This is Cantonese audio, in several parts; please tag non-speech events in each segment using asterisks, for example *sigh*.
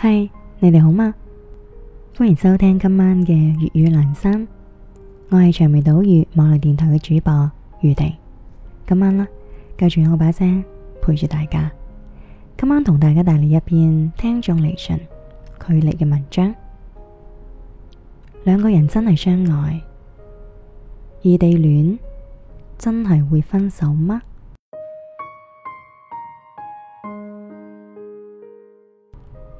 嗨，hey，你哋好嗎？歡迎收聽今晚嘅粵語蘭山，我係長尾島嶼網絡電台嘅主播余迪。今晚啦，繼續用我把聲陪住大家。今晚同大家帶嚟一篇聽眾嚟信距離嘅文章。兩個人真係相愛，異地戀真係會分手嗎？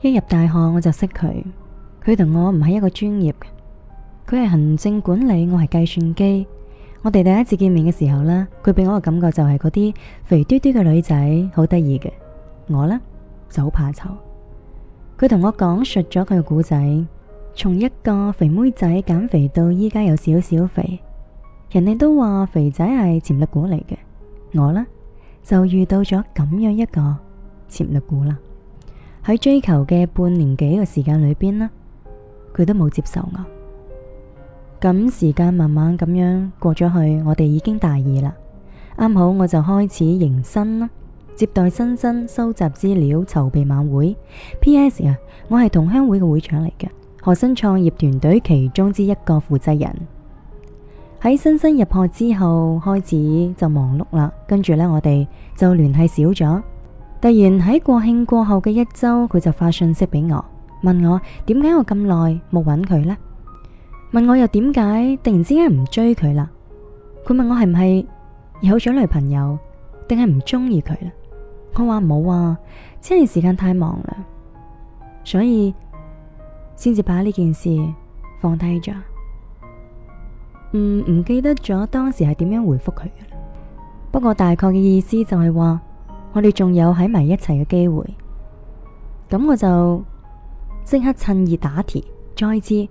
一入大學我就識佢，佢同我唔係一個專業，佢係行政管理，我係計算機。我哋第一次見面嘅時候呢，佢俾我嘅感覺就係嗰啲肥嘟嘟嘅女仔，好得意嘅。我呢，就好怕醜。佢同我講述咗佢嘅故仔，從一個肥妹仔減肥到依家有少少肥，人哋都話肥仔係潛力股嚟嘅。我呢，就遇到咗咁樣一個潛力股啦。喺追求嘅半年幾嘅時間裏邊，呢佢都冇接受我。咁時間慢慢咁樣過咗去，我哋已經大二啦。啱好我就開始迎新啦，接待新生、收集資料、籌備晚會。P.S. 啊，我係同鄉會嘅會長嚟嘅，學生創業團隊其中之一個負責人。喺新生入學之後開始就忙碌啦，跟住咧我哋就聯繫少咗。突然喺國慶過後嘅一周，佢就發信息俾我，問我點解我咁耐冇揾佢呢？問我又點解突然之間唔追佢啦？佢問我係唔係有咗女朋友，定係唔中意佢啦？我話冇啊，只係時間太忙啦，所以先至把呢件事放低咗。嗯，唔記得咗當時係點樣回覆佢嘅，不過大概嘅意思就係話。我哋仲有喺埋一齊嘅機會，咁我就即刻趁熱打鐵，再次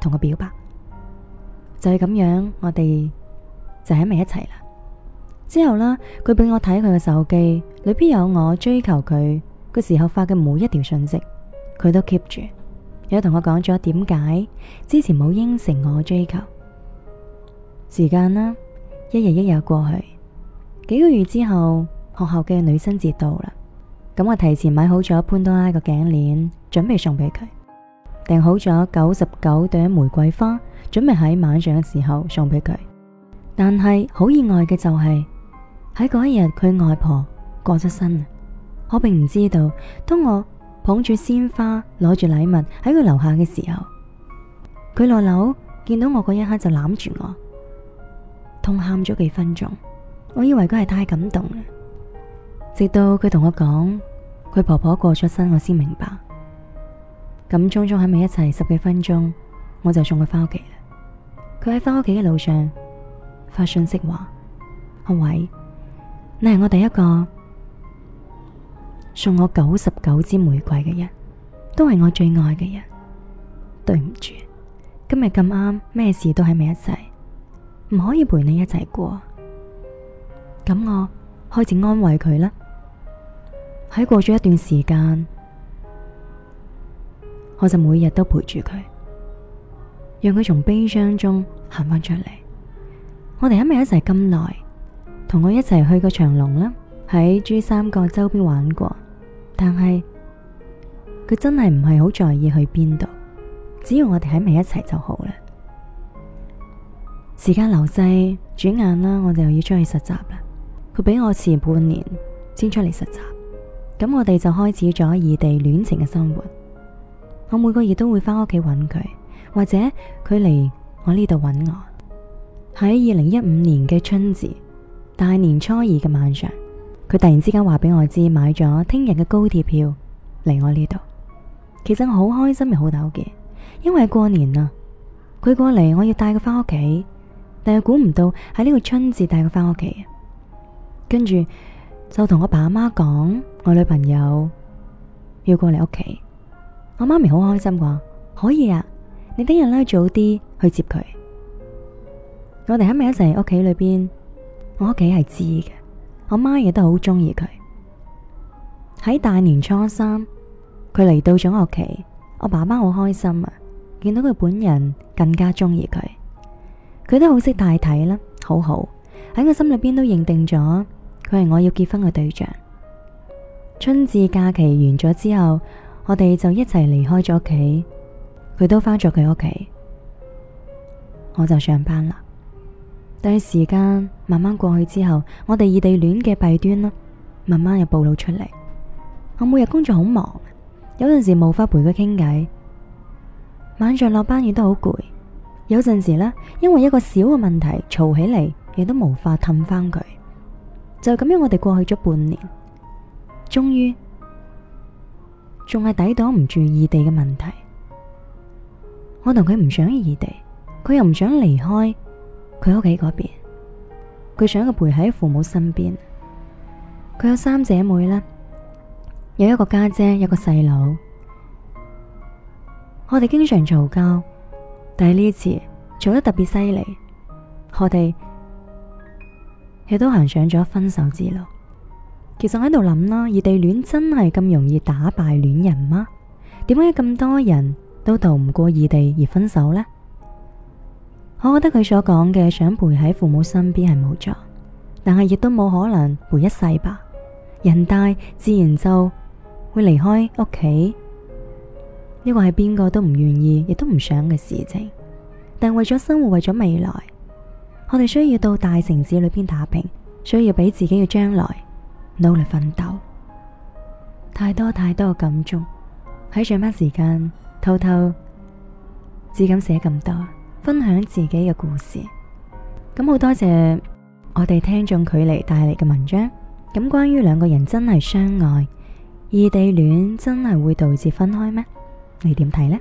同佢表白，就係咁樣，我哋就喺埋一齊啦。之後啦，佢俾我睇佢嘅手機，裏邊有我追求佢個時候發嘅每一條信息，佢都 keep 住。有同我講咗點解之前冇應承我追求。時間啦，一日一日過去，幾個月之後。學校嘅女生節到啦，咁我提前買好咗潘多拉個頸鏈，準備送俾佢，訂好咗九十九朵玫瑰花，準備喺晚上嘅時候送俾佢。但係好意外嘅就係喺嗰一日，佢外婆過咗身啦。我並唔知道，當我捧住鮮花，攞住禮物喺佢樓下嘅時候，佢落樓見到我嗰一刻就攬住我，痛喊咗幾分鐘。我以為佢係太感動啦。直到佢同我講佢婆婆過咗身，我先明白。咁匆匆喺埋一齊十幾分鐘，我就送佢翻屋企啦。佢喺翻屋企嘅路上發信息話：阿偉，你係我第一個送我九十九支玫瑰嘅人，都係我最愛嘅人。對唔住，今日咁啱咩事都喺埋一齊，唔可以陪你一齊過。咁我開始安慰佢啦。喺過咗一段時間，我就每日都陪住佢，讓佢從悲傷中行翻出嚟。我哋喺埋一齊咁耐，同我一齊去過長隆啦，喺珠三角周邊玩過。但係佢真係唔係好在意去邊度，只要我哋喺埋一齊就好啦。時間流逝，轉眼啦，我哋又要出去實習啦。佢比我遲半年先出嚟實習。咁我哋就開始咗異地戀情嘅生活。我每個月都會翻屋企揾佢，或者佢嚟我呢度揾我。喺二零一五年嘅春節，大年初二嘅晚上，佢突然之間話俾我知買咗聽日嘅高鐵票嚟我呢度。其實我好開心又好糾結，因為過年啊，佢過嚟我要帶佢翻屋企，但係估唔到喺呢個春節帶佢翻屋企。跟住就同我爸阿媽講。我女朋友要過嚟屋企，我媽咪好開心話，可以啊，你聽日咧早啲去接佢。我哋喺咪一齊喺屋企裏邊，我屋企係知嘅，我媽亦都好中意佢。喺大年初三，佢嚟到咗我屋企，我爸爸好開心啊，見到佢本人更加中意佢，佢都好識大體啦，好好喺我心裏邊都認定咗佢係我要結婚嘅對象。春節假期完咗之後，我哋就一齊離開咗屋企，佢都翻咗佢屋企，我就上班啦。但係時間慢慢過去之後，我哋異地戀嘅弊端啦，慢慢又暴露出嚟。我每日工作好忙，有陣時冇法陪佢傾偈。晚上落班亦都好攰，有陣時呢，因為一個小嘅問題嘈起嚟，亦都冇法氹翻佢。就咁樣，我哋過去咗半年。終於仲係抵擋唔住異地嘅問題，我同佢唔想異地，佢又唔想離開佢屋企嗰邊，佢想去陪喺父母身邊。佢有三姐妹啦，有一個家姐，一個細佬。我哋經常嘈交，但係呢次嘈得特別犀利，我哋亦都行上咗分手之路。其實喺度諗啦，異地戀真係咁容易打敗戀人嗎？點解咁多人都逃唔過異地而分手呢？我覺得佢所講嘅想陪喺父母身邊係冇錯，但係亦都冇可能陪一世吧。人大自然就會離開屋企，呢個係邊個都唔願意亦都唔想嘅事情。但係為咗生活，為咗未來，我哋需要到大城市裏邊打拼，需要俾自己嘅將來，努力奮鬥，太多太多嘅感觸喺上班時間，偷偷只敢寫咁多，分享自己嘅故事。咁好多謝我哋聽眾距離帶嚟嘅文章。咁關於兩個人真係相愛，異地戀真係會導致分開咩？你點睇呢？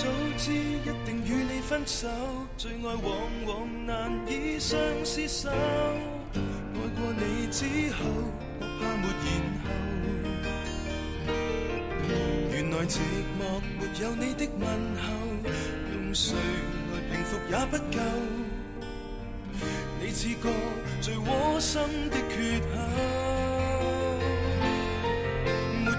早知一定與你分手，最愛往往難以相廝守。愛過你之後，我怕沒然後。原來寂寞沒有你的問候，用誰來平復也不夠。你似個最窩心的缺口。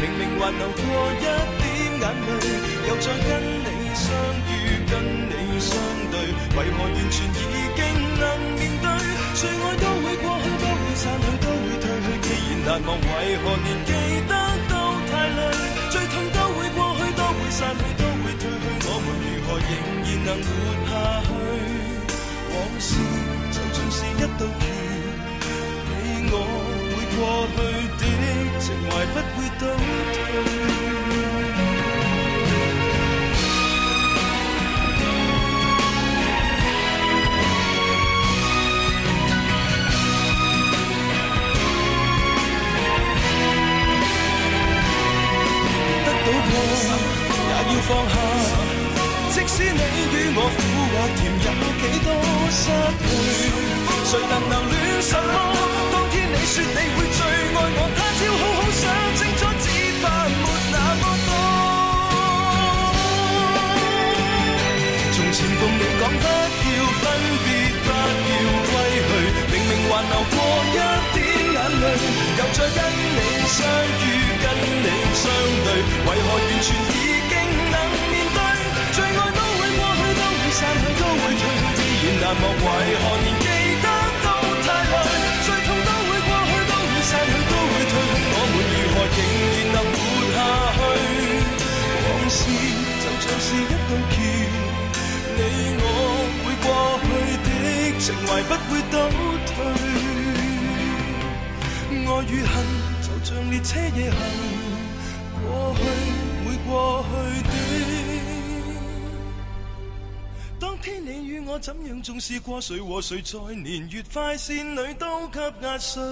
明明還流過一點眼淚，又再跟你相遇，跟你相對，為何完全已經能面對？最愛都會過去，都會散去，都會褪去，既然難忘，為何連記得都太累？最痛都會過去，都會散去，都會褪去，我們如何仍然能活下去？往事。從來不會倒退。 *noise* 得到過也要放下，即使你與我苦或甜，有幾多失配？誰能留戀什麼？當天你說你會最愛我。流過一點眼淚，又再跟你相遇，跟你相對，為何完全已經能面對？最愛都會過去，都會散去，都會退去，依然難忘，為何連記得都太累？最痛都會過去，都會散去，都會退去，我們如何仍然能活下去？往事就像是一道橋，你我會過去的，情懷不會倒退。愛與恨就像列車夜行，過去會過去的。當天你與我怎樣重視過誰和誰，誰和誰在年月快線裏都給壓碎。